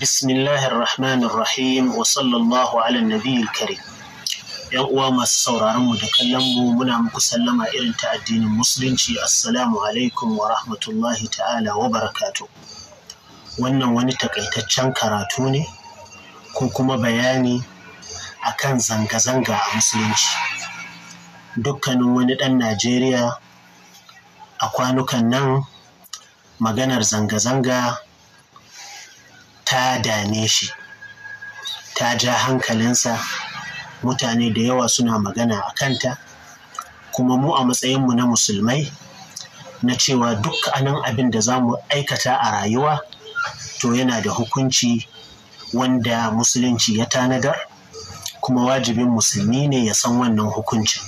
بسم الله الرحمن الرحيم وصلى الله على النبي الكريم yan uwa masu sauraron mu da kallon mu muna muku sallama irin ta addinin musulunci assalamu alaikum wa rahmatullahi ta'ala wa barakatu wannan wani takaitaccen karatu ne ko kuma bayani akan zanga-zanga a musulunci dukkanin wani ɗan najeriya a kwanukan nan maganar zanga-zanga ta dane shi ta ja hankalinsa mutane da yawa suna magana a kanta kuma mu a matsayinmu na musulmai na cewa duk anan abin da za mu aikata a rayuwa to yana da hukunci wanda musulunci ya tanadar kuma wajibin musulmi ne ya san wannan hukuncin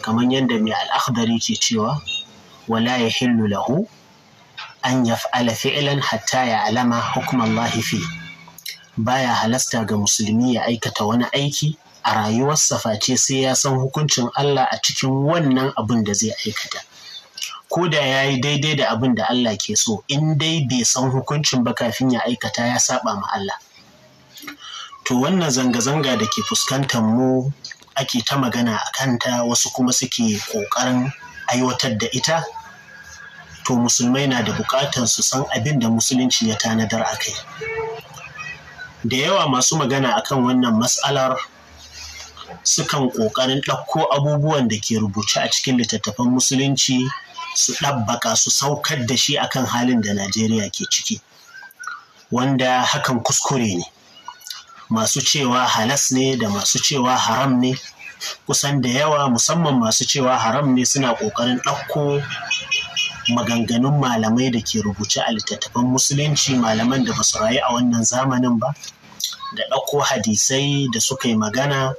kamar yadda mai al'akhdari ke cewa wala ya hillu lahu an yaf'ala fi'lan hatta ya alama hukmallahi fi baya halasta ga musulmi ya aikata wani aiki a rayuwarsa face sai ya san hukuncin Allah a cikin wannan abin da zai aikata ko da ya yi daidai da abin da Allah ke so in dai bai san hukuncin ba kafin ya aikata ya saba ma Allah to wannan zanga-zanga da ke fuskantar mu ake ta magana a kanta wasu kuma suke ƙoƙarin aiwatar da ita to musulmai na da buƙatar su san abin da musulunci ya tanadar a kai da yawa masu magana akan wannan matsalar sukan ƙoƙarin ɗauko abubuwan da ke rubuce a cikin littattafan musulunci su ɗabbaka su saukar da shi akan halin da najeriya ke ciki wanda hakan kuskure ne masu cewa halas ne da masu cewa haram ne kusan da yawa musamman masu cewa haram ne suna ƙoƙarin ɗauko maganganun malamai da ke rubuce a littattafan musulunci malaman da ba su rayu a wannan zamanin ba da ɗauko hadisai da suka yi magana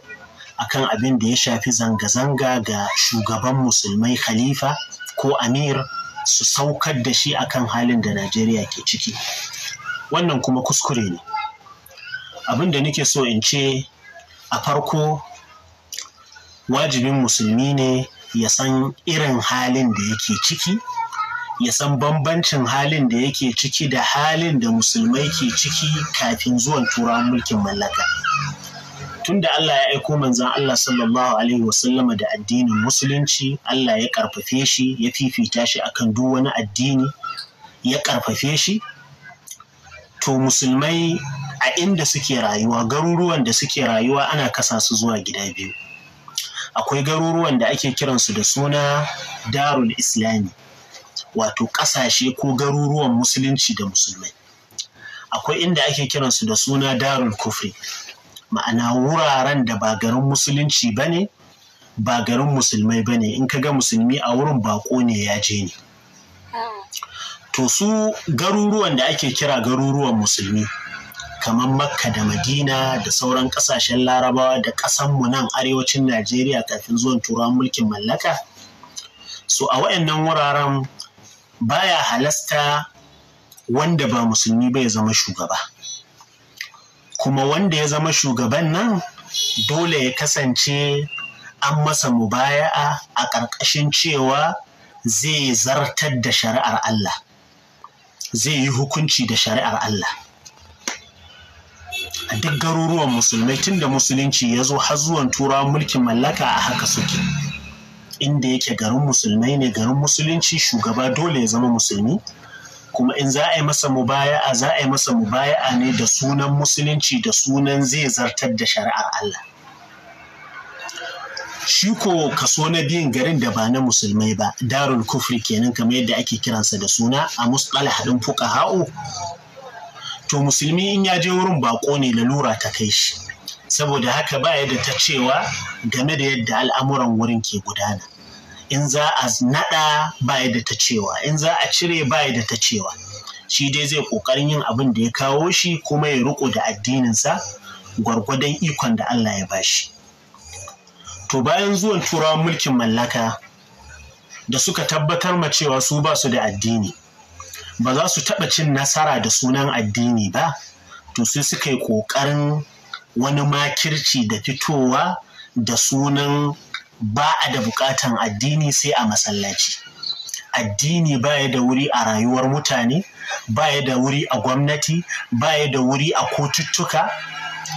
akan abin da ya shafi zanga-zanga ga shugaban musulmai khalifa ko amir su saukar da shi akan halin da najeriya ke ciki wannan kuma kuskure ne abin da nake so in ce a farko wajibin musulmi ne ya san irin halin da yake ciki ya san bambancin halin da yake ciki da halin da musulmai ke ciki kafin zuwan turawan mulkin mallaka tunda Allah ya aiko manzan Allah sallallahu alaihi wasallama da addinin musulunci Allah ya ƙarfafe shi ya fifita shi akan duk wani addini ya ƙarfafe shi to musulmai a inda suke rayuwa garuruwan da suke rayuwa ana kasa su zuwa gida biyu akwai garuruwan da ake kiransu da suna darul islami wato ƙasashe ko garuruwan musulunci da musulmai akwai inda ake kiransu da suna darul kufri ma'ana wuraren da ba garin musulunci ba ne ba garin musulmai ba ne in ka ga musulmi a wurin bako ne ya je ne to su garuruwan da ake kira garuruwan musulmi kamar makka da madina da sauran kasashen larabawa da ƙasanmu nan arewacin najeriya kafin zuwan turawan mulkin mallaka so a wayannan wuraren baya halasta wanda ba musulmi ba ya zama shugaba kuma wanda ya zama shugaban nan dole ya kasance an masa mubaya'a a ƙarƙashin cewa zai zartar da shari'ar Allah zai yi hukunci da shari'ar Allah a duk garuruwan musulmai tun da musulunci ya zo har zuwan turawan mulkin mallaka a haka suke inda yake garin musulmai ne garin musulunci shugaba dole ya zama musulmi kuma in za a yi masa mubaya'a za a yi masa mubaya'a ne da sunan musulunci da sunan zai zartar da shari'ar Allah shi ko kaso na biyun garin da ba na musulmai ba darul kufri kenan kamar yadda ake kiransa da suna a musɗala haɗin fuka ha'u to musulmi in ya je wurin bako ne lalura ta kai shi saboda haka ba da ta cewa game da yadda al'amuran wurin ke gudana in za a naɗa ba da ta cewa in za a cire ba da ta cewa shi dai zai ƙoƙarin yin abin da ya kawo shi kuma ya riko da addininsa gwargwadon ikon da Allah ya ba shi to bayan zuwan turawan mulkin mallaka da suka tabbatar ma cewa su ba su da addini ba za su taɓa cin nasara da sunan addini ba to sai suka yi ƙoƙarin wani makirci da fitowa da sunan ba a da bukatan addini sai a masallaci addini baya da wuri a rayuwar mutane baya da wuri a gwamnati baya da wuri a kotuttuka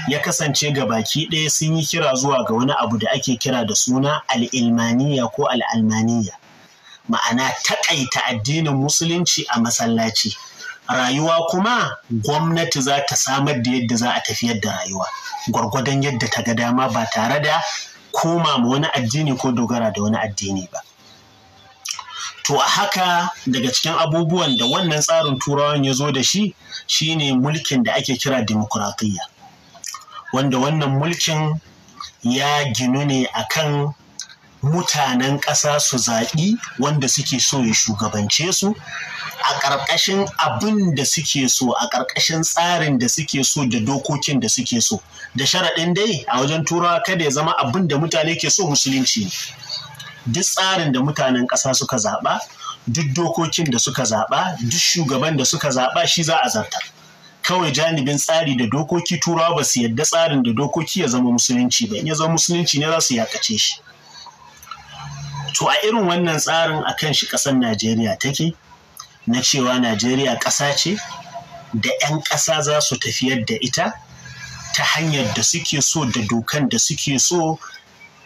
ya kasance ga baki ɗaya sun yi kira zuwa ga wani abu da ake kira da suna al'ilmaniya ko al'almaniya ma'ana taƙaita addinin musulunci a masallaci rayuwa kuma gwamnati za ta samar da yadda za a tafiyar da rayuwa gwargwadon yadda ta ga dama ba tare da koma ma wani addini ko dogara da wani addini ba to a haka daga cikin abubuwan da wannan tsarin turawan ya zo da shi shine mulkin da ake kira demokuraɗiyya wanda wannan mulkin ya ginu ne akan mutanen ƙasa su zaɓi wanda suke so ya shugabance su a ƙarƙashin abin da suke so a ƙarƙashin tsarin da suke so da dokokin da suke so da sharaɗin dai a wajen turawa kada ya zama abin da mutane ke so musulunci duk tsarin da mutanen ƙasa suka zaɓa duk dokokin da suka zaɓa duk shugaban da suka zaɓa shi za a zartar kawai janibin tsari da dokoki turawa ba su yadda tsarin da dokoki ya zama musulunci ba in ya zama musulunci ne za su yakace shi to a irin wannan tsarin a kan shi ƙasar najeriya take na cewa najeriya ƙasa ce da 'yan ƙasa za su tafiyar da ita ta hanyar da suke so da dokan da suke so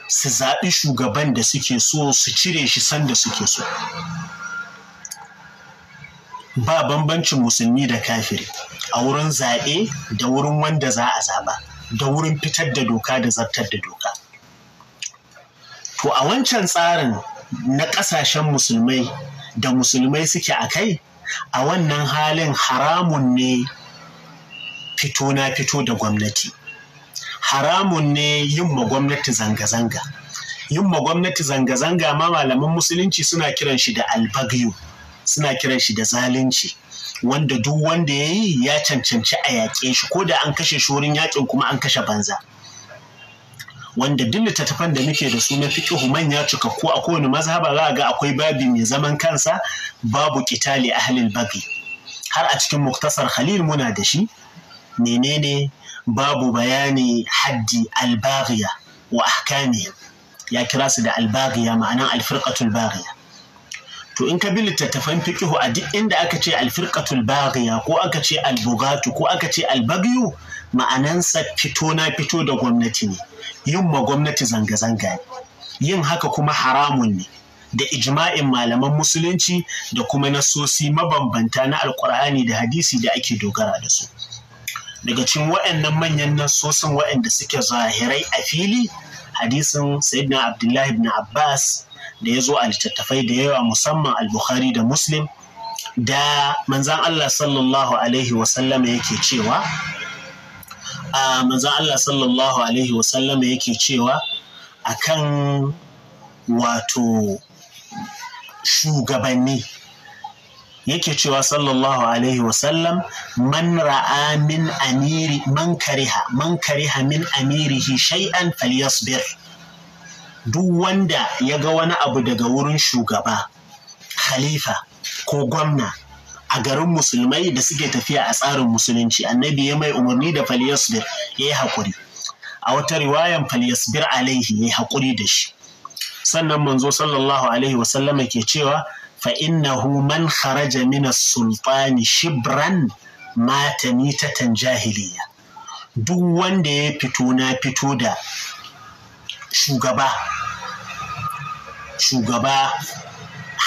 su zaɓi shugaban da suke so su cire shi sanda suke so ba bambancin musulmi da kafiri a wurin zaɓe da wurin wanda za a zaɓa da wurin fitar da doka da zartar da doka to a wancan tsarin na ƙasashen musulmai da musulmai suke a kai a wannan halin haramun ne fito na fito da gwamnati haramun ne yin ma gwamnati zanga-zanga yin ma gwamnati zanga-zanga ma malaman musulunci suna kiran shi da albagyu suna kiran shi da zalunci wanda duk wanda ya yi ya cancanci a yaƙe shi ko da an kashe shi yaƙin kuma an kashe banza wanda duk littattafan da muke da su na fiqhu manya cikakku a kowane mazhaba za ga akwai babi mai zaman kansa babu qitali ahlil babi har a cikin muktasar khalil muna da shi menene babu bayani haddi albariya wa ahkaniya ya kira su da albariya ma'anan alfirqatul bariya? to in ka bi littattafan fiqhu a duk inda aka ce alfirqatul bariya ko aka ce albugatu ko aka ce albagyu ma'anansa fito na fito da gwamnati ne yin ma gwamnati zanga-zanga yin haka kuma haramun ne da ijma'in malaman musulunci da kuma nasosi mabambanta na alkur'ani da hadisi da ake dogara da su daga cikin waɗannan manyan nasosin waɗanda suke zahirai a fili hadisin sayyidina abdullahi ibn abbas da ya zo a littattafai da yawa musamman al da muslim da manzan allah sallallahu alaihi wasallama yake cewa a manzon Allah sallallahu alaihi wasallama yake cewa akan wato shugabanni yake cewa sallallahu alaihi wasallam man ra'a min amiri man kariha man kariha min amirihi shay'an falyasbir duk wanda ya ga wani abu daga wurin shugaba khalifa ko gwamna a garin musulmai da suke tafiya a tsarin musulunci annabi ya mai umarni da falyasbir ya yi haƙuri a wata riwayan falyasbir alaihi ya yi haƙuri da shi sannan manzo sallallahu alaihi wasallama ke cewa fa innahu man kharaja min as-sultan shibran mata mitatan jahiliya duk wanda ya fito na fito da shugaba shugaba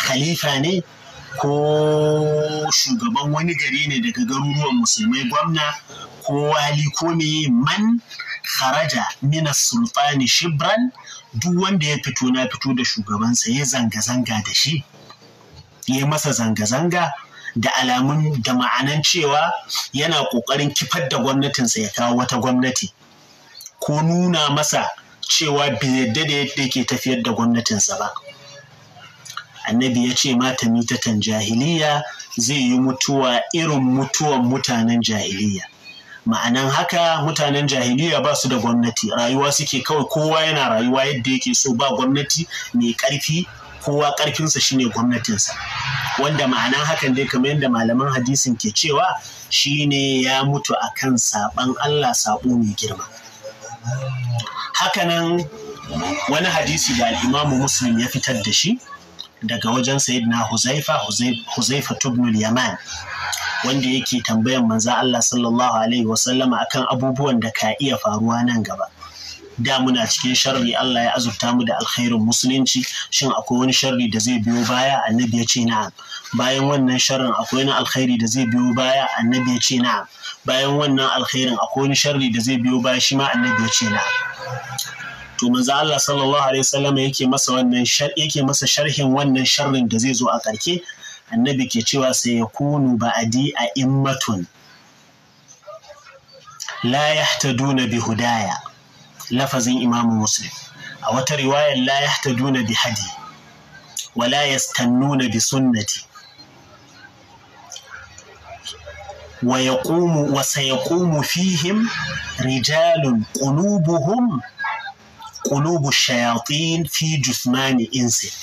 khalifa ne ko ko shugaban wani gari ne daga garuruwan musulmai gwamna ko wali ko meye man kharaja mina sulfani shibran duk wanda ya fito na fito da shugabansa ya zanga-zanga da shi ya masa zanga-zanga da alamun da ma'anan cewa yana ƙoƙarin kifar da gwamnatinsa ya kawo wata gwamnati ko nuna masa cewa bai yadda da yadda yake tafiyar da gwamnatinsa ba annabi ya ce mata mitatan jahiliya zai yi mutuwa irin mutuwan mutanen jahiliya ma'anan haka mutanen jahiliya ba su da gwamnati rayuwa suke kawai kowa yana rayuwa yadda yake so ba gwamnati mai ƙarfi kowa karfinsa shine gwamnatinsa wanda ma'anan hakan dai kamar yadda malaman hadisin ke cewa shine ya mutu akan saban Allah sabo mai girma hakanan wani hadisi da al'imamu muslim ya fitar da shi daga wajen sayidina Huzaifa Huzaifa tubnul Yaman wanda yake tambayan manza Allah sallallahu alaihi wasallama akan abubuwan da ka iya faruwa nan gaba da muna cikin sharri Allah ya azurta mu da alkhairin musulunci shin akwai wani sharri da zai biyo baya annabi ya ce na'am bayan wannan sharrin akwai wani alkhairi da zai biyo baya annabi ya ce na'am bayan wannan alkhairin akwai wani sharri da zai biyo baya shi ma annabi ya ce na'am to manzo Allah sallallahu alaihi wasallam yake masa wannan yake masa sharhin wannan sharrin da zai zo a karke annabi ke cewa sai ya kunu ba'adi a immatun la yahtaduna bi hudaya lafazin imamu muslim a wata riwayar la yahtaduna bi hadi wa la yastannuna bi sunnati wa yaqumu wa sayaqumu fihim rijalun qulubuhum qulubu shayatin fi jusmani insi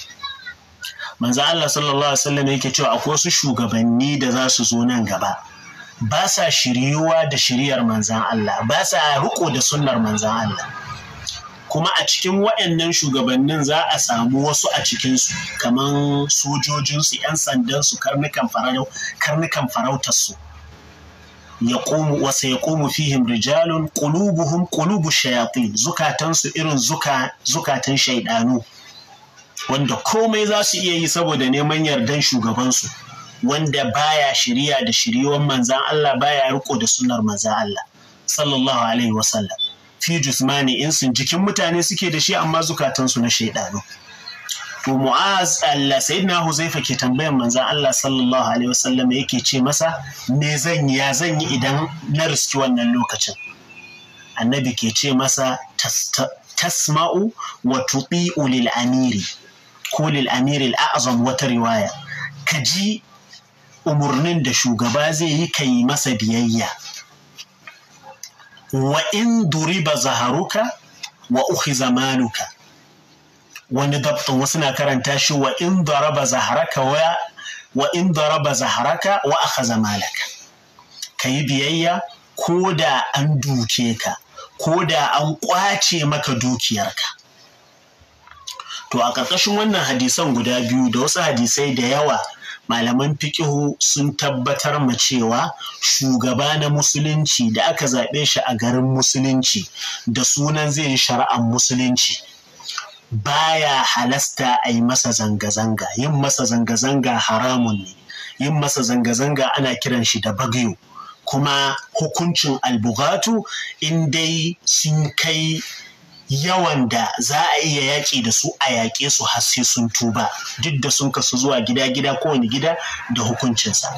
manzo Allah sallallahu alaihi yake cewa akwai wasu shugabanni da za su zo nan gaba ba sa shiryuwa da shiryar manzan Allah ba sa riko da sunnar manzan Allah kuma a cikin waɗannan shugabannin za a samu wasu a cikinsu kamar sojojinsu 'yan sandansu karnukan farautarsu yaqumu ya sayaqumu fihim rijalun qulubuhum qulubu shayatin zukatansu irin zukatan shaidanu wanda komai za su iya yi saboda neman yardan shugabansu wanda baya shiriya da shiriwan manzan Allah baya riko da sunnar manzan Allah sallallahu alaihi wasallam fi in sun jikin mutane suke da shi amma zukatansu na shaidanu to mu'az sayyidina huzaifa ke tambayan manzan Allah sallallahu alaihi wasallam yake ce masa me zan yi ya zan yi idan na riski wannan lokacin annabi ke ce masa tasma'u wa tuti'u lil amiri ko lil amiri al-a'zam wata riwaya ka ji umurnin da shugaba zai yi ka yi masa biyayya wa in duriba zaharuka wa ukhiza maluka wani dab'in wasu na karanta shi wa in daraba zaharaka waya wa in daraba zaharaka wa akhadha malaka kayi biyayya ko da an duke ka ko da an kwace maka dukiyarka to a ƙarƙashin wannan hadisan guda biyu da wasu hadisai da yawa malaman fikihu sun tabbatar ma cewa shugaba na musulunci da aka zaɓe shi a garin musulunci da sunan zai yi shari'ar musulunci baya halasta a yi masa zanga-zanga yin masa zanga-zanga haramun ne yin masa zanga-zanga ana kiran shi da bagyo kuma hukuncin albugatu in dai sun kai yawan da za a iya yaƙi da su a yaƙe su har sai sun tuba duk da sun kasu zuwa gida-gida kowane gida da hukuncinsa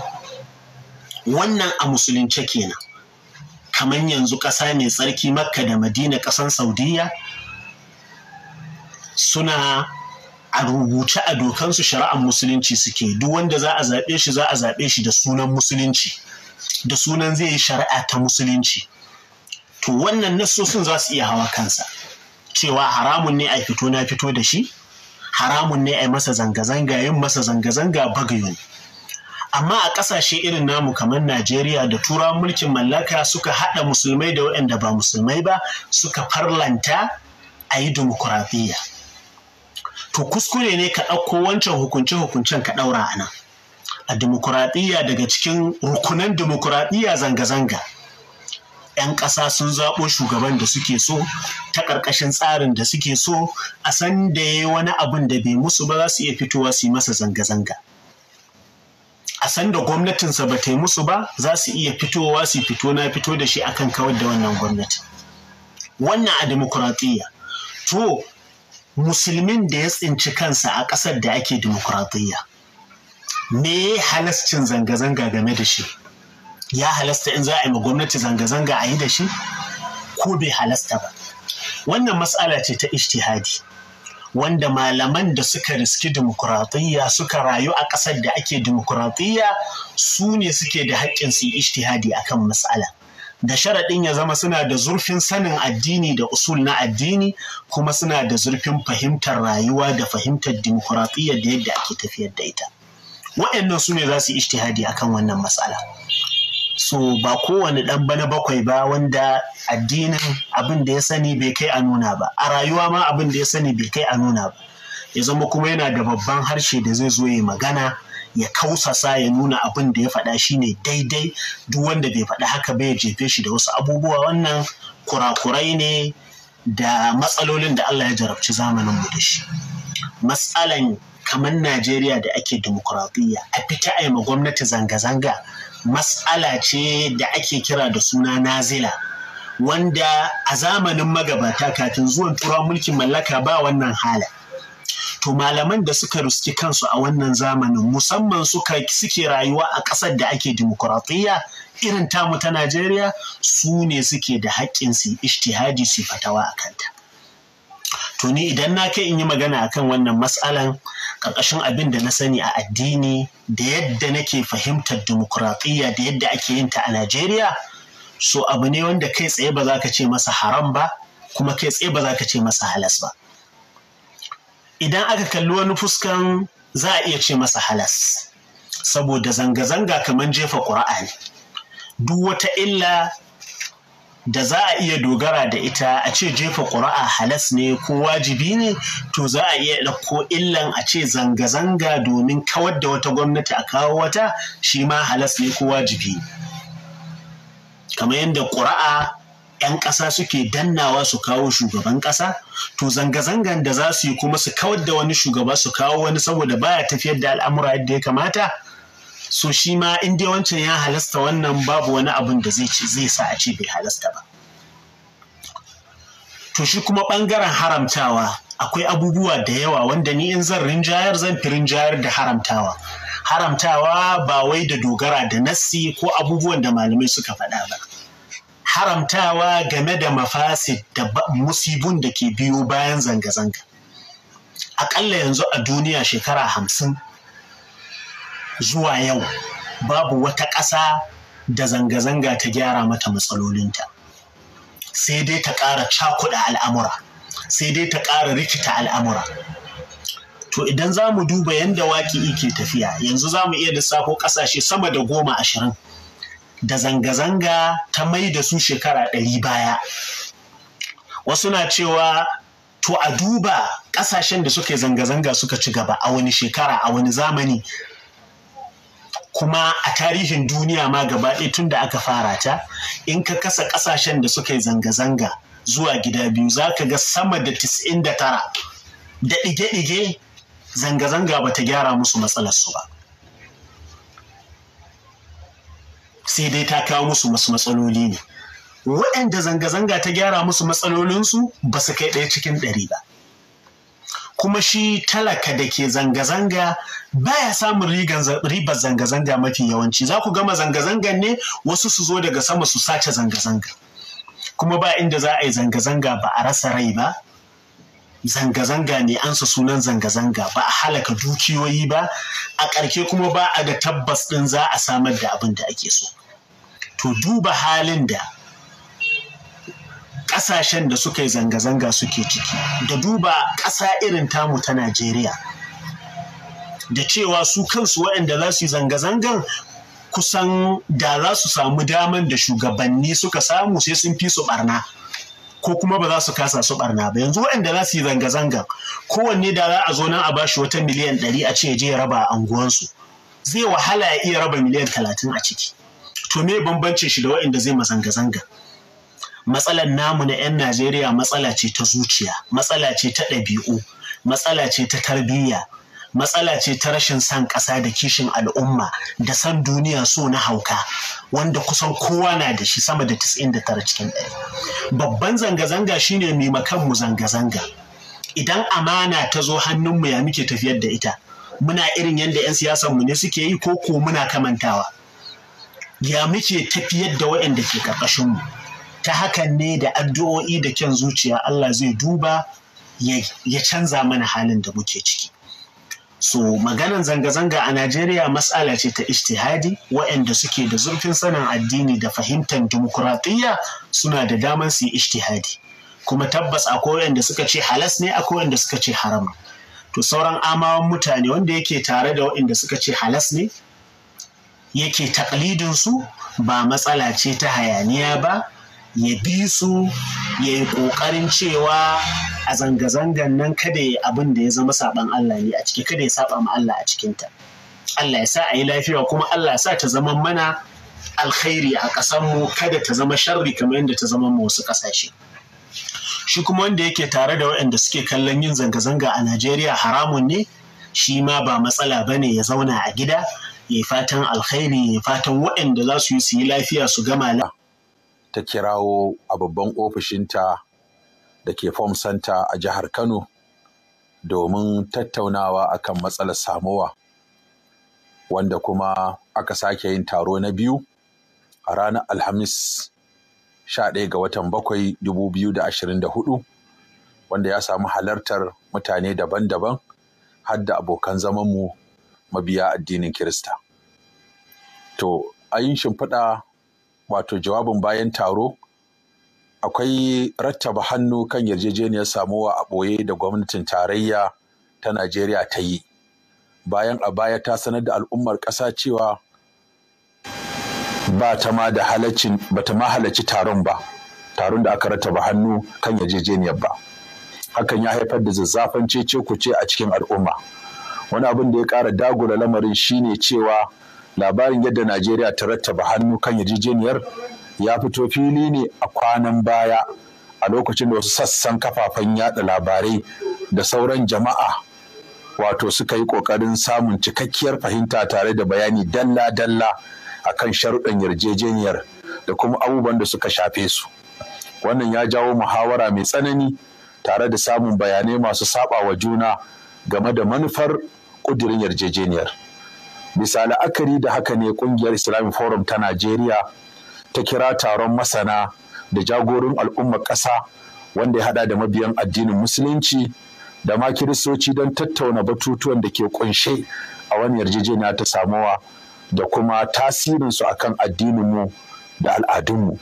wannan a musulunce kenan kamar yanzu ƙasa mai tsarki makka da madina ƙasan Saudiyya? suna a rubuce a dokansu shari'ar musulunci suke duk wanda za a zaɓe shi za a zaɓe shi da sunan musulunci da sunan zai yi shari'a ta musulunci to wannan nassosin za su iya hawa kansa cewa haramun ne a fito na fito da shi haramun ne a masa zanga-zanga yin masa zanga-zanga bagayon amma a ƙasashe irin namu kamar najeriya da turawan mulkin mallaka suka haɗa musulmai da waɗanda ba musulmai ba suka farlanta a yi dimokuraɗiyya to kuskure ne ka ɗauko wancan hukunce-hukuncen ka ɗaura a nan a dimokuraɗiyya daga cikin rukunan dimokuraɗiyya zanga-zanga 'yan ƙasa sun zaɓo shugaban da suke so ta ƙarƙashin tsarin da suke so a san da ya wani abin da bai musu ba za su iya fitowa su yi masa zanga-zanga a san da gwamnatinsa ba ta yi musu ba za su iya fitowa su fito na fito da shi akan kawar da wannan gwamnati wannan a dimokuraɗiyya to musulmin da ya tsinci kansa a ƙasar da ake dimokuraɗiyya me halascin zanga-zanga game da shi ya halasta in za a yi ma gwamnati zanga-zanga a yi da shi ko bai halasta ba wannan matsala ce ta ishtihadi wanda malaman da suka riski dimokuraɗiyya suka rayu a ƙasar da ake dimokuraɗiyya su ne suke da haƙƙin su yi ishtihadi akan matsala da sharaɗin ya zama suna da zurfin sanin addini da usul na addini kuma suna da zurfin fahimtar rayuwa da fahimtar dimokuraɗiyyar da yadda ake tafiyar da ita waɗannan su ne za su ishtihadi kan wannan matsala so ba kowane ɗan bana bakwai ba wanda addinin abin da ya sani bai kai a nuna ba a rayuwa ma abin da ya sani bai kai a nuna ba ya zama kuma yana da babban harshe da zai zo ya magana ya kausasa ya nuna abin da ya faɗa shine daidai duk wanda bai faɗa haka bai jefe shi da wasu abubuwa wannan kurakurai ne da matsalolin da Allah ya jarabci zamanin mu da shi matsalan kamar Najeriya da ake demokuraɗiyya a fita a ma gwamnati zanga-zanga matsala ce da ake kira da suna nazila wanda a zamanin magabata kafin zuwan turawan mulkin mallaka ba wannan hala. to malaman da suka ruski kansu a wannan zamanin musamman suka suke rayuwa a ƙasar da ake dimokuraɗiyya irin tamu ta Najeriya su ne suke da haƙƙin su ishtihadi su fatawa a kanta. To ni idan na kai in yi magana akan wannan matsalan ƙarƙashin abin da na sani a addini da yadda nake fahimtar dimokuraɗiyya da yadda ake yin ta a Najeriya so abu ne wanda kai tsaye ba za ka ce masa haram ba kuma kai tsaye ba za ka ce masa halas ba. idan aka kalli wani fuskan za a iya ce masa halas saboda zanga-zanga kamar jefa ƙura'a ne duk wata illa da za a iya dogara da ita a ce jefa ƙura'a halas ne ko wajibi ne to za a iya ɗauko illan a ce zanga-zanga domin kawar da wata gwamnati a kawo wata shi ma halas ne ko wajibi kamar yadda ƙura'a. 'yan ƙasa suke dannawa su kawo shugaban ƙasa to zanga-zangan da za su yi kuma su kawar da wani shugaba su kawo wani saboda baya tafiyar da al'amura yadda ya kamata so shi ma in dai wancan ya halasta wannan babu wani abun da zai ce zai sa a ce bai halasta ba to shi kuma ɓangaren haramtawa akwai abubuwa da yawa wanda ni in zan rinjayar zan fi rinjayar da haramtawa haramtawa ba wai da dogara da nassi ko abubuwan da malamai suka faɗa ba haramtawa game da mafasid da musibun da ke biyo bayan zanga-zanga aƙalla yanzu a duniya shekara hamsin zuwa yau babu wata ƙasa da zanga-zanga ta gyara mata matsalolinta sai dai ta ƙara cakuɗa al'amura sai dai ta ƙara rikita al'amura to idan za mu duba yadda waƙi ke tafiya yanzu za mu iya lissafo ƙasashe sama da goma ashirin da zanga-zanga ta mai da su shekara ɗari baya wasu na cewa to a duba ƙasashen da suka yi zanga-zanga suka ci gaba a wani shekara a wani zamani kuma a tarihin duniya ma gaba tun da aka fara ta in ka kasa ƙasashen da suka yi zanga-zanga zuwa gida biyu za ka ga sama da 99 da ɗige-ɗige zanga-zanga ba ta gyara musu matsalarsu ba sai dai ta kawo musu wasu matsaloli ne waɗanda zanga-zanga ta gyara musu matsalolinsu ba su kai ɗaya cikin ɗari ba kuma shi talaka da ke zanga-zanga baya samun ribar zanga-zanga mafi yawanci za ku gama zanga-zangan ne wasu su zo daga sama su sace zanga-zanga kuma ba inda za a yi zanga-zanga ba a rasa rai ba zanga-zanga ne ansa sunan zanga-zanga ba a halaka dukiyoyi ba a ƙarke kuma ba a da tabbas ɗin za a samar da abin da ake so to duba halin da ƙasashen da suka yi zanga-zanga suke ciki da duba ƙasa irin tamu ta najeriya da cewa su kansu waɗanda za su yi zanga-zangan kusan da za su samu daman da shugabanni suka samu sai sun fi su ɓarna. ko kuma ba za su kasa su barna ba yanzu waɗanda za su yi zanga-zangan kowanne da za a zo nan a ba shi wata miliyan ɗari a ce je ya raba a unguwansu zai wahala ya iya raba miliyan talatin a ciki to me bambancin shi da waɗanda zai ma zanga-zanga matsalar namu na 'yan najeriya matsala ce ta zuciya matsala ce ta ɗabi'u matsala ce ta tarbiyya matsala ce ta rashin san ƙasa da kishin al'umma da san duniya so na hauka wanda kusan kowa na da shi sama da 99 cikin ɗaya babban zanga-zanga shine mimakan mu zanga-zanga idan amana ta zo hannunmu ya muke tafiyar da ita muna irin yadda 'yan siyasanmu ne suke yi ko ko muna kamantawa ya muke tafiyar da waɗanda ke ƙarƙashinmu ta hakan ne da addu'o'i da kyan zuciya Allah zai duba ya canza mana halin da muke ciki So maganan zanga-zanga a Najeriya matsala ce ta ishtihadi waɗanda suke da zurfin sanin addini da fahimtar dimokuraɗiyya suna da damar su yi ishtihadi. Kuma tabbas akwai da suka ce halas ne koyon da suka ce haram. To sauran amawan mutane wanda yake tare da waɗanda suka ce halas ne yake taklidinsu ba matsala ce ta hayaniya ba ya bi su ya yi ƙoƙarin cewa a zanga-zangan nan kada ya abin da ya zama saɓan Allah ne a ciki kada ya saba ma Allah a cikinta. Allah ya sa a yi lafiya kuma Allah ya sa ta zama mana alkhairi a ƙasanmu kada ta zama sharri kamar yadda ta zama wasu ƙasashe. Shi kuma wanda yake tare da waɗanda suke kallon yin zanga-zanga a Najeriya haramun ne, shi ma ba matsala ba ne ya zauna a gida, ya fatan alkhairi, ya fatan waɗanda za su yi su yi lafiya su gama lafiya. ta kirawo a babban ofishinta da ke Form Center a jihar Kano domin tattaunawa akan matsalar samowa wanda kuma aka sake yin taro na biyu a ranar Alhamis 11 ga watan da 2024 wanda ya samu halartar mutane daban-daban har da abokan zamanmu mabiya addinin Kirista. To, a yin shimfiɗa wato jawabin bayan taro akwai rattaba hannu kan yarjejeniyar samuwa a ɓoye da gwamnatin tarayya ta Najeriya ta yi bayan a baya ta sanar da al'ummar ƙasa cewa ba ta ma da ba ta halarci taron ba taron da aka rattaba hannu kan yarjejeniyar ba hakan ya haifar da zazzafan cece kuce a cikin al'umma wani abin da ya ƙara dagula lamarin shine cewa labarin yadda najeriya ta rattaba hannu kan yarjejeniyar ya fito fili ne a kwanan baya a lokacin da wasu sassan kafafen yada labarai da sauran jama'a wato suka yi kokarin samun cikakkiyar fahimta tare da bayani dalla-dalla a kan sharuɗan yarjejeniyar da kuma abubuwan da suka shafe su wannan ya jawo muhawara mai tsanani tare da samun bayanai masu saba wa juna game da manufar ƙudurin yarjejeniyar bisa la'akari da haka ne kungiyar islamic forum ta najeriya ta kira taron masana da jagorin al'ummar ƙasa wanda ya hada da mabiyan addinin musulunci da ma kiristoci don tattauna batutuwan da ke kunshe a wani yarjejeniya ta samuwa da kuma tasirinsu a kan addininmu da al'adunmu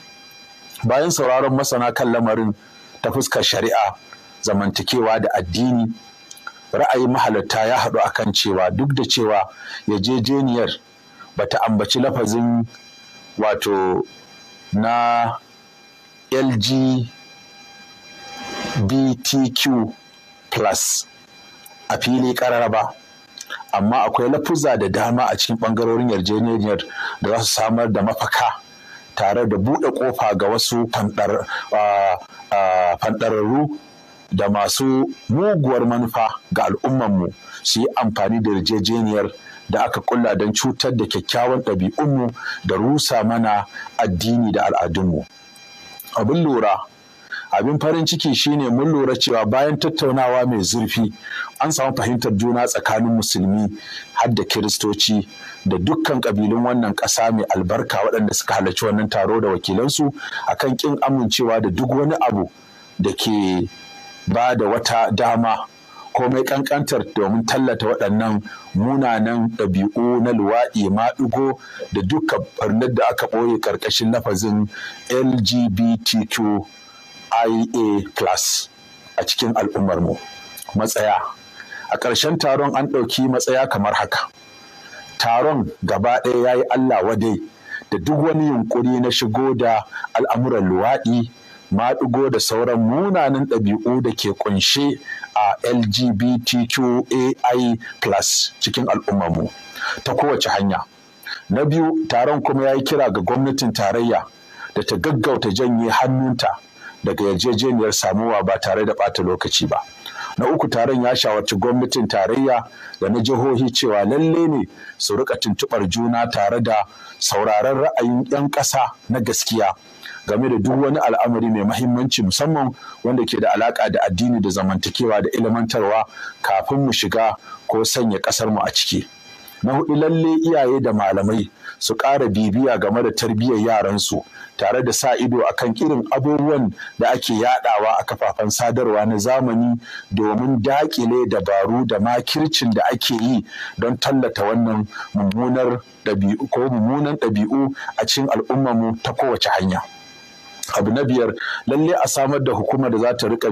bayan sauraron masana kan lamarin ta fuskar shari'a zamantakewa da addini ra'ayin mahalarta ya haɗu akan cewa duk da cewa ya je ba ta ambaci lafazin wato na lgbtq plus a fili karara ba amma akwai lafuza da dama a cikin ɓangarorin yarjejeniyar da za su samar da mafaka tare da buɗe ƙofa ga wasu ah, ah, fanɗararru da masu muguwar manufa ga al'ummanmu su yi amfani da yarjejeniyar da aka kulla don cutar da kyakkyawan ɗabi'unmu da rusa mana addini da al'adunmu. Abin lura abin farin ciki shine mun lura cewa bayan tattaunawa mai zurfi an samu fahimtar juna tsakanin musulmi har da kiristoci da dukkan ƙabilun wannan ƙasa mai albarka waɗanda suka halarci wannan taro da wakilansu akan ƙin amincewa da duk wani abu da ke ba da wata dama komai kankantar domin tallata waɗannan munanan ɗabi'u na luwaɗi maɗigo da duka farnar da aka ɓoye ƙarƙashin lafazin lgbtqia class a cikin al'ummarmu matsaya a ƙarshen taron an ɗauki matsaya kamar haka taron gaba ɗaya ya yi allah wadai da duk wani yunƙuri na shigo da al'amuran luwaɗi maɗigo da sauran munanan ɗabi'u da ke kunshe a lgbtqai plus cikin al'ummarmu ta kowace hanya na biyu taron kuma ya yi kira ga gwamnatin tarayya da ta gaggauta janye hannunta daga yarjejeniyar samuwa ba tare da ɓata lokaci ba na uku taron ya shawarci gwamnatin tarayya da na jihohi cewa lalle ne su rika tuntuɓar juna tare da sauraron ra'ayin 'yan ƙasa na gaskiya game da duk wani al'amari mai mahimmanci musamman wanda ke da alaƙa da addini da zamantakewa da ilmantarwa kafin mu shiga ko sanya ƙasarmu mu a ciki. Na hudu lalle iyaye da malamai su ƙara bibiya game da tarbiyyar yaransu tare da sa ido akan irin abubuwan da ake yadawa a kafafen sadarwa na zamani domin dakile dabaru da makircin da ake yi don tallata wannan mummunar ɗabi'u ko mummunan ɗabi'u a cikin al'ummarmu ta kowace hanya. abu na biyar lalle a samar da hukumar da za ta rika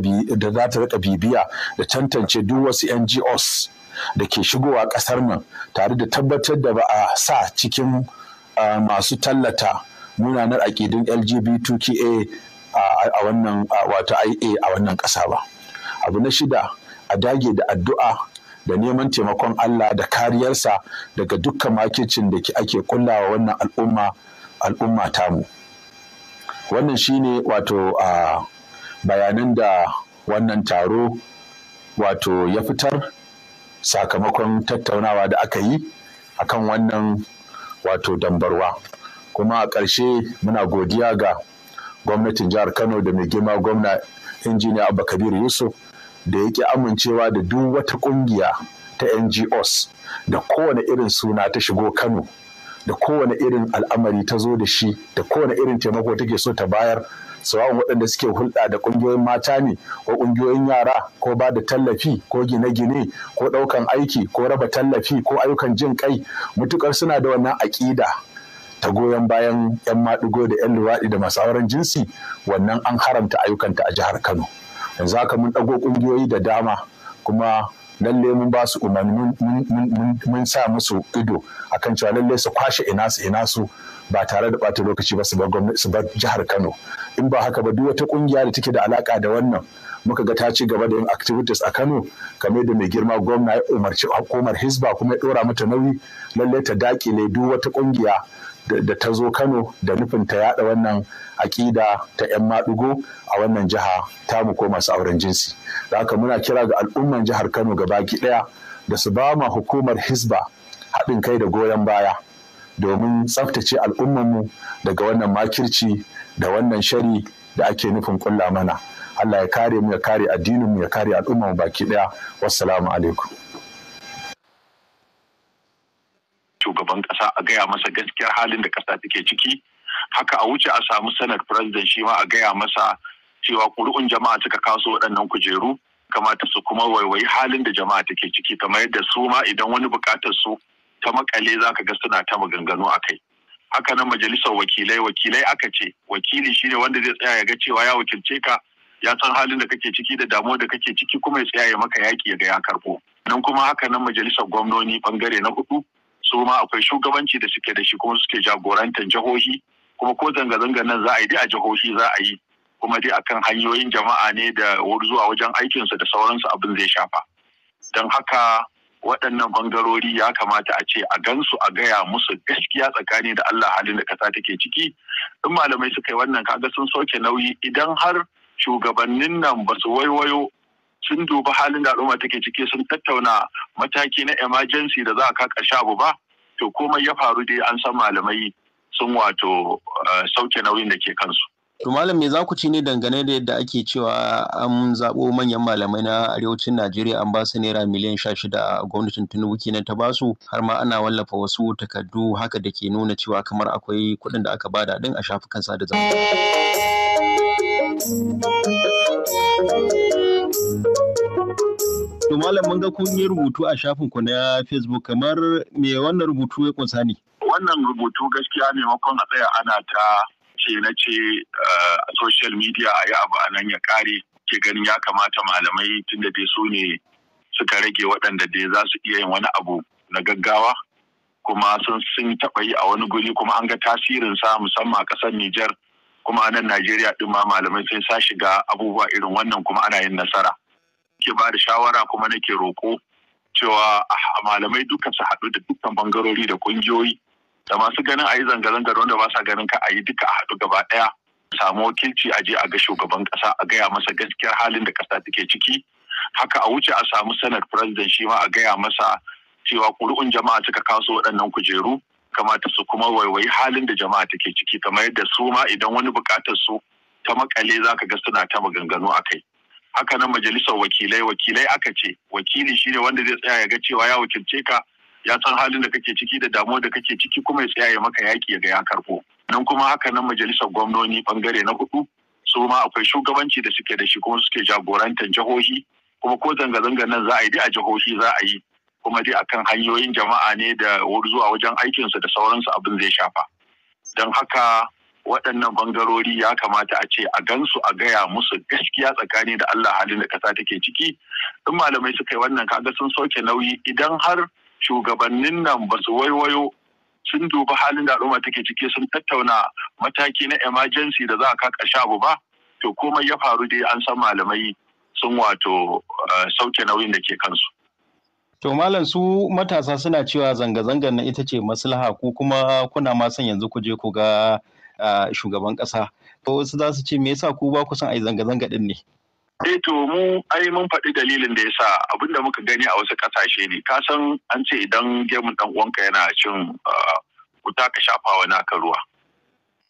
bibiya da tantance duk wasu ngos da ke shigowa kasar nan tare da tabbatar da ba a sa cikin masu tallata munanar aƙidun lgbtqa a wannan wato ia a wannan ƙasa ba abu na shida a dage da addu'a da neman taimakon allah da kariyarsa daga dukkan makicin da ake kullawa wannan al'umma al'umma tamu wannan shine wato a bayanan da wannan taro wato ya fitar sakamakon tattaunawa da aka yi akan wannan wato dambarwa kuma a ƙarshe muna godiya ga gwamnatin jihar kano da mai girma gwamna injiniya abubakar yusuf da ya yake amincewa da duk wata ƙungiya ta ngos da kowane irin suna ta shigo kano da kowane irin al'amari ta zo da shi da kowane irin taimako take so ta bayar sawan waɗanda suke hulɗa da ƙungiyoyin mata ne ko ƙungiyoyin yara ko ba da tallafi ko gine-gine ko ɗaukan aiki ko raba tallafi ko ayyukan jin kai mutukar suna da wannan aƙida ta goyon bayan 'yan maɗigo da 'yan luwaɗi da masu auren jinsi wannan an haramta ayyukanta a jihar kano yanzu haka mun ɗago ƙungiyoyi da dama kuma lalle mun ba su umarni mun sa musu ido akan cewa lalle su kwashe ina su ina su ba tare da ɓata lokaci ba su bar jihar Kano in ba haka ba duk wata kungiya da take da alaka da wannan muka ga ta ci gaba da yin activities a Kano kamar da mai girma gwamna ya umarci hukumar Hisba kuma ya dora mata nauyi lalle ta dakile duk wata kungiya da ta zo Kano da nufin ta yada wannan aƙida ta 'yan maɗigo a wannan jiha ta mu ko masu auren jinsi. Da haka muna kira ga al'umman jihar Kano ga baki ɗaya da su ba ma hukumar Hisba haɗin kai da goyon baya domin tsaftace al'ummanmu daga wannan makirci da wannan shari da ake nufin kulla mana. Allah ya kare mu ya kare addininmu ya kare mu baki ɗaya. Wassalamu alaikum. shugaban kasa a gaya masa gaskiyar halin da kasa take ciki haka a wuce a samu senate president shi ma a gaya masa cewa ƙuri'un jama'a suka kaso waɗannan kujeru kamata su kuma waiwayi halin da jama'a take ciki kamar yadda su ma idan wani buƙatar su ta makale za ka ga suna ta maganganu a kai haka nan majalisar wakilai wakilai aka ce wakili shine wanda zai tsaya ya ga cewa ya wakilce ka ya san halin da kake ciki da damuwa da kake ciki kuma ya tsaya ya maka yaki ya ga ya karɓo. nan kuma haka nan majalisar gwamnoni bangare na hudu su ma akwai shugabanci da suke da shi kuma suke jagorantar jihohi kuma ko zanga-zangar nan za a yi dai a jihohi za a yi kuma dai akan hanyoyin jama'a ne da zuwa wajen aikinsu da sauransu abin zai shafa don haka waɗannan bangarori ya kamata a ce a gansu a gaya musu gaskiya tsakani da Allah halin da ƙasa take ciki in malamai suka yi wannan kaga sun soke nauyi idan har shugabannin nan ba su waiwayo sun dubi halin da al'umma take ciki sun tattauna mataki na emergency da za a kaka sha ba to komai ya faru dai an san malamai sun wato eh, sauke nauyin da ke kansu. To malam me za ku ci ne dangane da yadda ake cewa an zaɓo manyan malamai na arewacin Najeriya an ba su naira miliyan sha shida a gwamnatin Tinubu kenan ta basu har ma ana wallafa wasu takardu haka da ke nuna cewa kamar akwai kuɗin da aka bada din a shafukan sada zumunta. To malam mun ga kun yi rubutu a shafin ku na Facebook kamar me wannan rubutu ya kunsa ne? Wannan rubutu gaskiya maimakon a tsaya ana ta ce na ce a social media a yi abu a nan ya kare ke ganin ya kamata malamai tunda dai su ne suka rage waɗanda dai za su iya yin wani abu na gaggawa kuma sun sun taɓa yi a wani guri kuma an ga tasirin sa musamman a ƙasar Nijar kuma a nan Najeriya ɗin ma malamai sai sa shiga abubuwa irin wannan kuma ana yin nasara. ke ba da shawara kuma nake roko cewa a ah, malamai duka su haɗu da dukkan bangarori da ƙungiyoyi da masu ganin a yi zanga-zangar wanda ba sa ganin ka a yi duka a haɗu gaba ɗaya samu wakilci a je a ga shugaban ƙasa a gaya masa gaskiyar halin da ƙasa take ciki haka a wuce a samu sanar president shi ma a gaya masa cewa ƙuri'un jama'a suka kaso waɗannan kujeru kamata su kuma waiwayi halin da jama'a take ciki kamar yadda su ma idan wani buƙatar su ta makale za ka ga suna ta maganganu a kai haka nan majalisar wakilai wakilai aka ce wakili shine wanda zai tsaya ya ga cewa ya wakilce ka ya san halin da kake ciki da damuwa da kake ciki kuma ya tsaya ya maka yaki ya ga ya karbo nan kuma haka nan majalisar gwamnoni bangare na hudu su ma akwai shugabanci da suke da shi kuma suke jagorantar jihohi kuma ko zanga-zangar nan za a yi dai a jihohi za a yi kuma dai akan hanyoyin jama'a ne da zuwa wajen aikinsu da sauransu abin zai shafa don haka waɗannan bangarori ya kamata a ce a gansu a gaya musu gaskiya tsakani da Allah halin da ƙasa take ciki in malamai suka yi wannan kaga sun soke nauyi idan har shugabannin nan ba su waiwayo sun dubi halin da al'umma take ciki sun tattauna mataki na emergency da za a kaka shabu ba to komai ya faru dai an san malamai sun wato eh, sauke nauyin da ke kansu. To malam su matasa suna cewa zanga-zangar na ita ce maslaha ko kuma kuna ma son yanzu ku je ku ga shugaban ƙasa. Wasu za su ce me yasa ku ba ku son ai zanga-zanga ɗin ne? Eh to mu ai mun faɗi dalilin da yasa abinda muka gani a wasu ƙasashe ne ka san an ce idan gemun ɗan uwanka yana cin wuta ka shafa shafawa naka ruwa.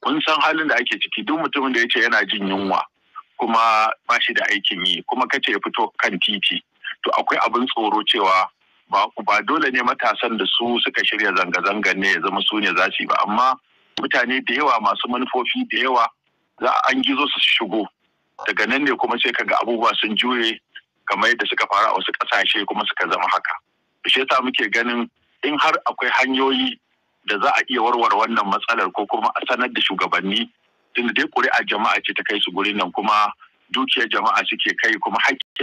Kun san halin da ake ciki duk mutumin da ya ce yana jin yunwa kuma ba shi da aikin yi kuma kace ya fito kan titi to akwai abin tsoro cewa ba dole ne matasan da su suka shirya zanga zanga ne ya zama su ne za su yi ba amma mutane da yawa masu manufofi da yawa za a an gizo su shigo daga nan ne kuma sai kaga abubuwa sun jure kamar yadda suka fara a wasu ƙasashe kuma suka zama haka shi yasa muke ganin in har akwai hanyoyi da za a iya warware wannan matsalar ko kuma a sanar da shugabanni tunda dai ƙuri'a jama'a ce ta kai su gurin nan kuma dukiyar jama'a suke kai kuma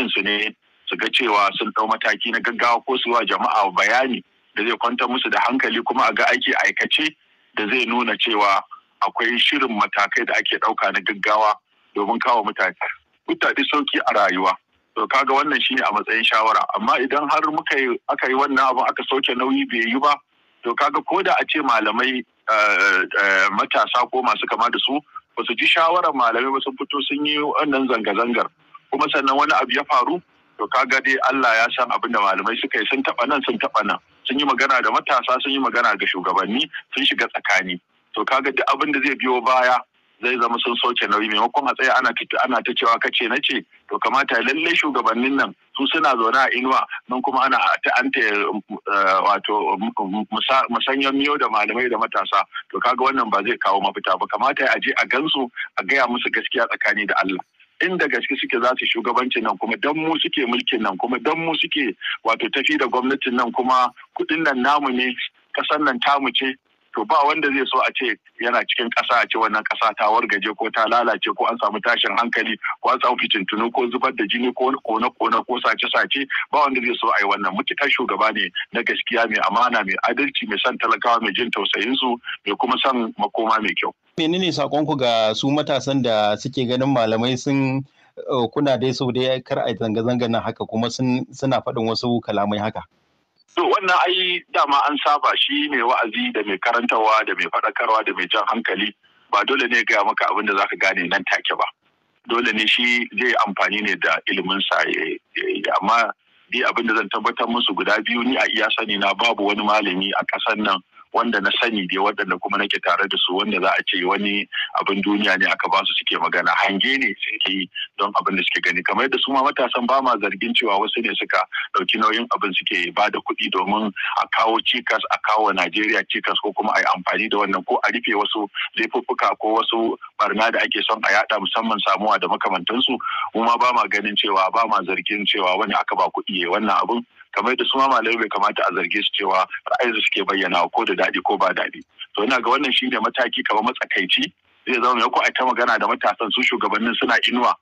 su ne su ga cewa sun ɗau mataki na gaggawa ko su wa jama'a bayani da zai kwantar musu da hankali kuma a ga aiki aikace da zai nuna cewa akwai shirin matakai da ake ɗauka na gaggawa domin kawo mutane mutane sauki a rayuwa to kaga wannan shine a matsayin shawara amma idan har muka yi aka yi wannan abu aka sauke nauyi bai yi ba to kaga ko da a ce malamai eh, eh, matasa ko masu kama da su ba su ji shawarar malamai ba sun fito sun yi wannan zanga-zangar kuma sannan wani abu ya faru to kaga dai Allah ya san abin da malamai suka yi sun taɓa nan sun taɓa nan sun yi magana da matasa sun yi magana ga shugabanni sun shiga tsakani to kaga duk abin da zai biyo baya zai zama sun soke nauyi maimakon a tsaye ana ana ta cewa kace na ce to kamata lallai shugabannin nan su suna zaune a inuwa nan kuma ana ta ta eh, wato musanyen miyo da malamai da matasa to kaga wannan ba zai kawo mafita ba kamata a je a gansu a gaya musu gaskiya tsakani da Allah inda gaske suke za su shugabanci nan kuma dan mu suke mulkin nan kuma dan mu suke wato tafi da gwamnatin nan kuma kudin nan namu ne kasan nan tamu ce to ba wanda zai so a ce yana cikin ƙasa a ce wannan ƙasa ta wargaje ko ta lalace ko an samu tashin hankali ko an samu fitintunu ko zubar da jini ko kona kone ko sace sace ba wanda zai so a yi wannan mutukar shugaba ne na gaskiya mai amana mai adalci mai son talakawa mai jin tausayin su mai kuma son makoma mai kyau. menene sakonku ga su matasan da suke ganin malamai sun eh, kuna dai sau dai kar a zanga-zanga nan haka kuma suna faɗin wasu kalamai haka. To wannan ai dama an saba shi mai wa'azi da mai karantawa da mai faɗakarwa da mai jan hankali ba dole ne gaya maka abin da zaka gane nan take ba. Dole ne shi zai amfani ne da ilimin sa amma dai abin da zan tabbatar musu guda biyu ni a iya sani na babu wani malami a ƙasar nan wanda na sani dai waɗanda kuma nake tare da su wanda za a ce wani abin duniya ne aka ba su suke magana hange ne suke yi don abin da suke gani kamar yadda su ma matasan ba ma zargin cewa wasu ne suka ɗauki nauyin abin suke ba da kuɗi domin a kawo cikas a kawo Najeriya cikas ko kuma a yi amfani da wannan ko a rufe wasu laifuffuka ko wasu barna da ake son a yada musamman samuwa da makamantansu mu ma ba ma ganin cewa ba ma zargin cewa wani aka ba kuɗi ya wannan abin kamar da su ma malamai bai kamata a zarge su cewa ra'ayin su suke bayyana ko da daɗi ko ba daɗi to ina ga wannan shine mataki kamar matsakaici zai zama yako a ta magana da matasan su shugabannin suna inuwa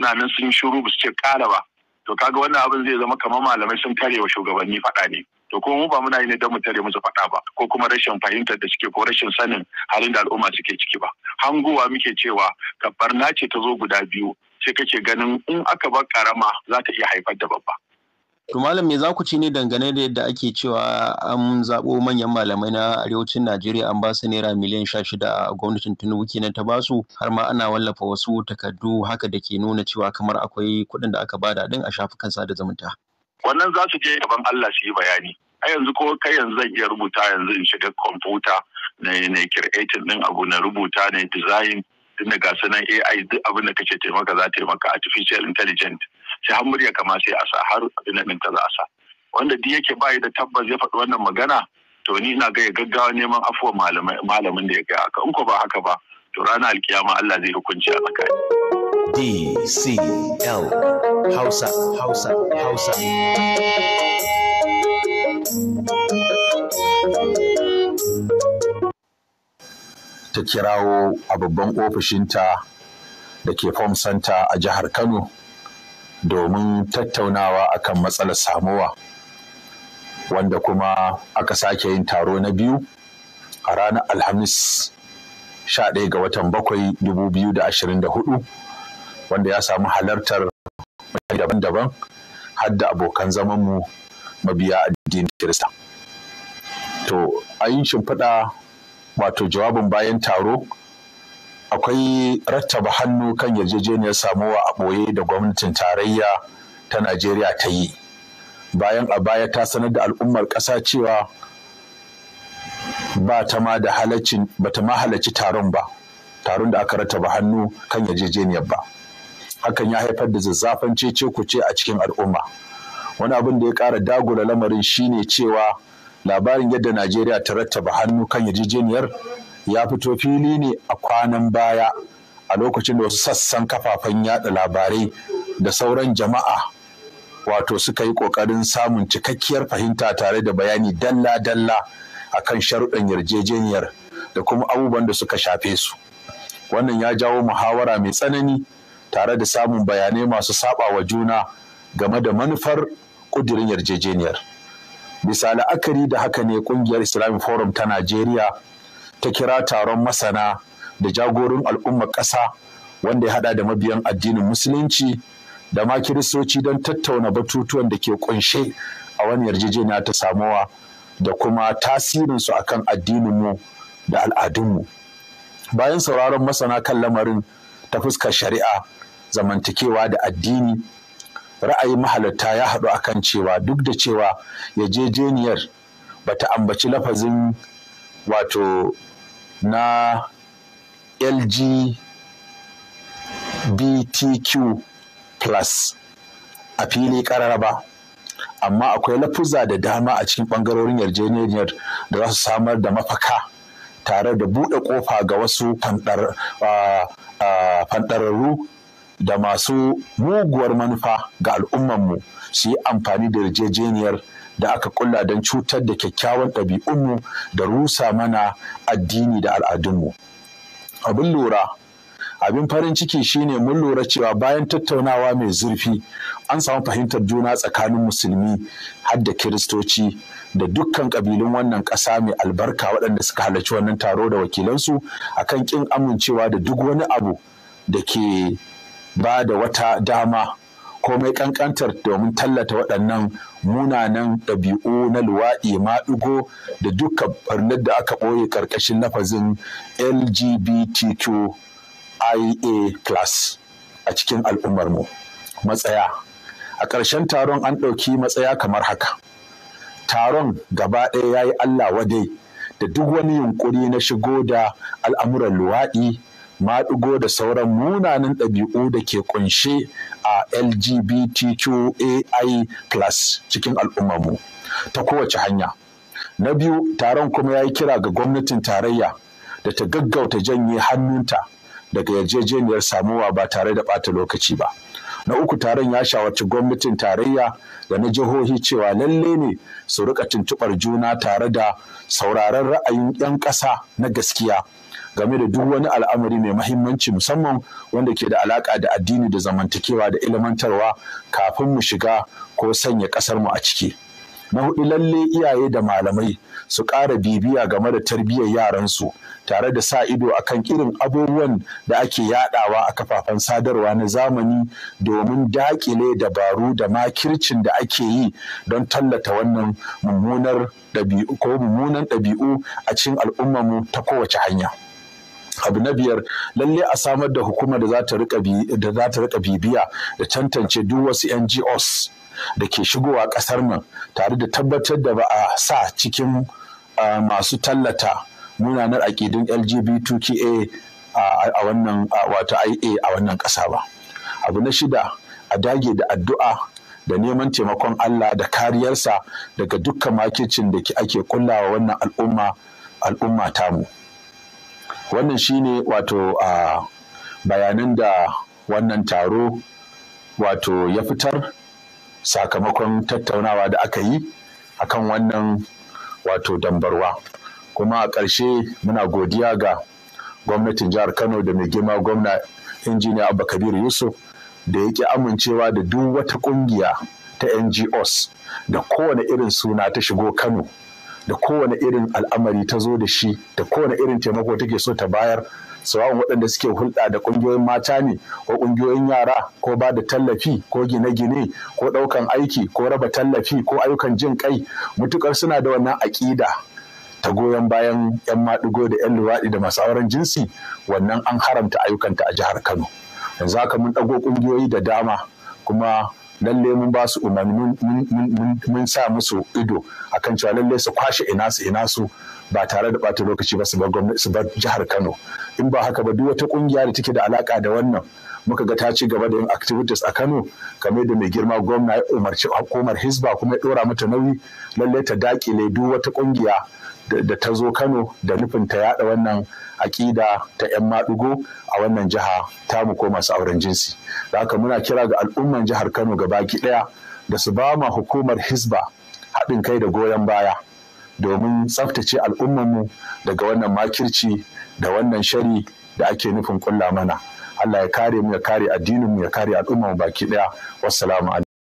suna nan sun shiru ba su ce ƙara ba to kaga wannan abin zai zama kamar malamai sun tare wa shugabanni faɗa ne to kuma mu ba muna yi ne don mu tare musu faɗa ba ko kuma rashin fahimtar da suke ko rashin sanin halin da al'umma suke ciki ba Hangowa muke cewa barna ce ta zo guda biyu sai kake ganin in aka bar karama za ta iya haifar da babba To malam me za ku ci ne dangane da yadda ake cewa an zaɓo manyan malamai na arewacin Najeriya an ba su naira miliyan sha shida a gwamnatin Tinubu kenan ta basu har ma ana wallafa wasu takardu haka da ke nuna cewa kamar akwai kuɗin da aka bada din a shafukan sada zumunta. Wannan za su je gaban Allah su yi bayani. A yanzu ko kai yanzu zan iya rubuta yanzu in shiga kwamfuta na na creating din abu na rubuta na design tun da sanan AI duk abin da kace taimaka za taimaka artificial intelligence sai har murya kama sai a sa har abin ta za a sa wanda duk yake bayi da tabbas ya faɗi wannan magana to ni ina ga gaggawa neman afuwa malamin da ya ga haka in ko ba haka ba to ranar alkiyama Allah zai hukunci a tsakani. L Hausa Hausa Hausa. Ta kirawo a babban ofishinta da ke Form Center a jihar Kano. domin tattaunawa akan matsalar samuwa wanda kuma aka sake yin taro na biyu a ranar alhamis 11 ga watan bakwai 2024 wanda ya samu halartar daban-daban har da abokan zamanmu mabiya addinin kirista to an yi shimfiɗa wato jawabin bayan taro akwai rattaba hannu kan yarjejeniyar samuwa a ɓoye da gwamnatin tarayya ta najeriya ta yi bayan a baya ta sanar da al'ummar ƙasa cewa ba ta ma da halarci taron ba taron da aka rattaba hannu kan yarjejeniyar ba hakan ya haifar da zazzafan cece kuce a cikin al'umma wani abin da ya ƙara dagula lamarin shine cewa labarin yadda najeriya ta rattaba hannu kan yarjejeniyar ya fito fili ne a kwanan baya a lokacin da wasu sassan kafafen yada labarai da sauran jama'a wato suka yi ƙoƙarin samun cikakkiyar fahimta tare da bayani dalla-dalla a kan sharuɗan yarjejeniyar da kuma abubuwan da suka shafe su wannan ya jawo muhawara mai tsanani tare da samun bayanai masu saba wa juna game da manufar ƙudirin yarjejeniyar Misali, la'akari da haka ne ƙungiyar islamic forum ta najeriya ta kira taron masana da jagorin al'ummar ƙasa wanda ya hada da mabiyan addinin musulunci da ma kiristoci don tattauna batutuwan da ke kunshe a wani yarjejeniya ta samuwa da kuma tasirinsu akan addininmu da al'adunmu bayan sauraron masana kan lamarin ta fuskar shari'a zamantakewa da addini ra'ayin mahalarta ya haɗu a kan cewa duk da cewa yajejeniyar ta ambaci lafazin wato na lgbtq plus a fili karara ba amma akwai lafuza da dama a cikin ɓangarorin yarjejeniyar da za su samar da mafaka tare da buɗe ƙofa ga wasu fanɗararru da masu muguwar manufa ga al'ummanmu su yi amfani da yarjejeniyar da aka kulla don cutar da kyakkyawan ɗabi'unmu da rusa mana addini da al'adunmu abin lura abin farin ciki shine mun lura cewa bayan tattaunawa mai zurfi an samu fahimtar juna tsakanin musulmi har da kiristoci da dukkan ƙabilun wannan ƙasa mai albarka waɗanda suka halarci wannan taro da wakilansu akan ƙin amincewa da duk wani abu da ke ba da wata dama komai kankantar domin tallata waɗannan munanan ɗabi'u na luwaɗi maɗigo da duka barnar da aka ɓoye ƙarƙashin lafazin lgbtqia class a cikin al'ummarmu matsaya a ƙarshen taron an ɗauki matsaya kamar haka taron gaba ɗaya ya yi allah wadai da duk wani yunƙuri na shigo da al'amuran luwaɗi maɗigo da sauran munanan ɗabi'u da ke kunshe a LGBTQAI+ cikin al'ummarmu ta kowace hanya. Na biyu, taron kuma ya yi kira ga gwamnatin tarayya da ta gaggauta janye hannunta daga yarjejeniyar samuwa ba tare da ɓata lokaci ba. Na uku taron ya shawarci gwamnatin tarayya da na jihohi cewa lalle ne su rika tuntuɓar juna tare da sauraron ra'ayin 'yan ƙasa na gaskiya game da duk wani al'amari mai mahimmanci musamman wanda ke da alaƙa da addini da zamantakewa da ilmantarwa kafin mu shiga ko sanya ƙasarmu mu a ciki. Na hudu lalle iyaye da malamai su ƙara bibiya game da tarbiyyar yaransu tare da sa ido a kan irin abubuwan da ake yadawa a kafafen sadarwa na zamani domin dakile dabaru da makircin da ake yi don tallata wannan mummunar ɗabi'u ko mummunan ɗabi'u a cikin al'ummarmu ta kowace hanya. abu na biyar lalle a samar da hukumar da za ta rika bibiya da tantance duk wasu ngos da ke shigowa kasar nan tare da tabbatar da ba a sa cikin masu tallata munanan aƙidun lgbtqa a wannan wato ia a wannan ƙasa ba abu na shida a dage da addu'a da neman taimakon allah da kariyarsa daga dukkan makicin da ake kullawa wannan al'umma al'umma tamu wannan shine wato a bayanan da wannan taro wato ya fitar sakamakon tattaunawa da aka yi akan wannan wato dambarwa kuma a ƙarshe muna godiya ga gwamnatin jihar kano da mai girma gwamna injiniya abu'l-kabir yusuf da ya ƙi amincewa da duk wata ƙungiya ta ngos da kowane irin suna ta shigo kano da kowane irin al'amari ta zo da shi da kowane irin taimako take so ta bayar sawa'un waɗanda suke hulɗa da ƙungiyoyin mata ne ko ƙungiyoyin yara ko ba da tallafi ko gine-gine ko ɗaukan aiki ko raba tallafi ko ayyukan jin kai mutukar suna da wannan aƙida ta goyon bayan 'yan maɗigo da 'yan luwaɗi da masu auren jinsi wannan an haramta ayyukanta a jihar kano yanzu haka mun ɗago ƙungiyoyi da dama kuma lalle mun ba su umarni mun sa musu ido akan cewa lalle su kwashe ina su ina su ba tare da ɓata lokaci ba su bar jihar Kano in ba haka ba duk wata kungiya da take da alaka da wannan muka ga ta ci gaba da yin activities a Kano kamar da mai girma gwamna ya umarci hukumar Hisba kuma ya dora mata nauyi lalle ta dakile duk wata kungiya da ta zo Kano da nufin ta yada wannan aƙida ta 'yan maɗugo a wannan jiha ta mu ko masu auren jinsi. Da haka muna kira ga al'umman jihar Kano baki ɗaya da su ba ma hukumar Hisba haɗin kai da goyon baya domin tsaftace al'ummanmu daga wannan makirci da wannan shari da ake nufin kulla mana. Allah ya kare mu ya kare addininmu ya kare mu baki ɗaya. Wassalamu